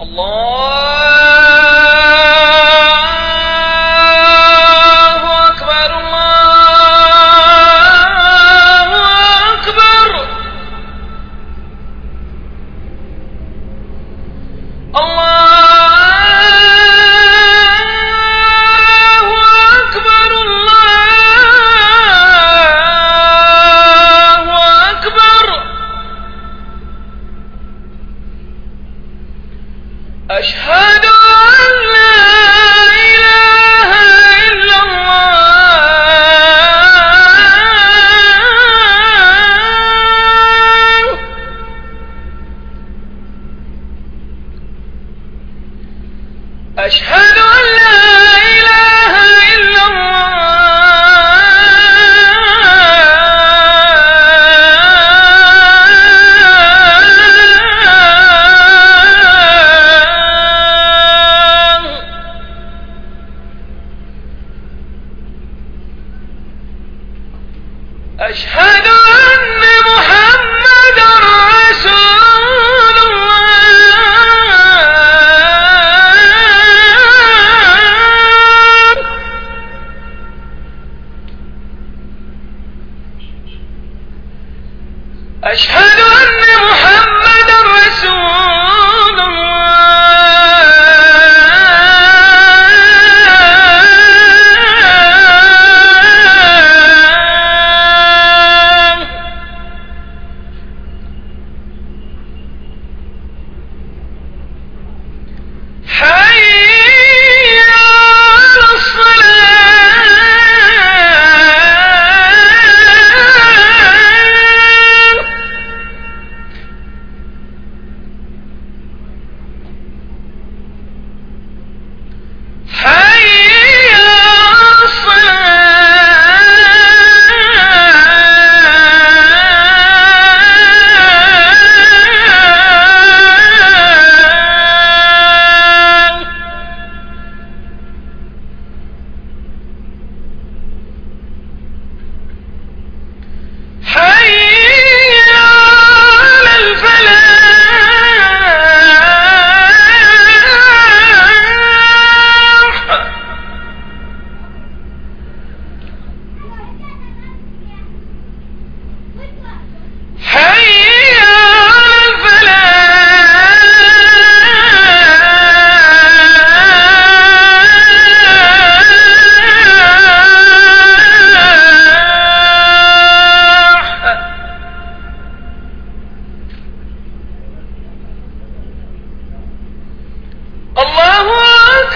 الله أشهد أن لا إله إلا الله أشهد أشهد أن محمد رسول الله أشهد أن محمد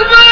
أكبر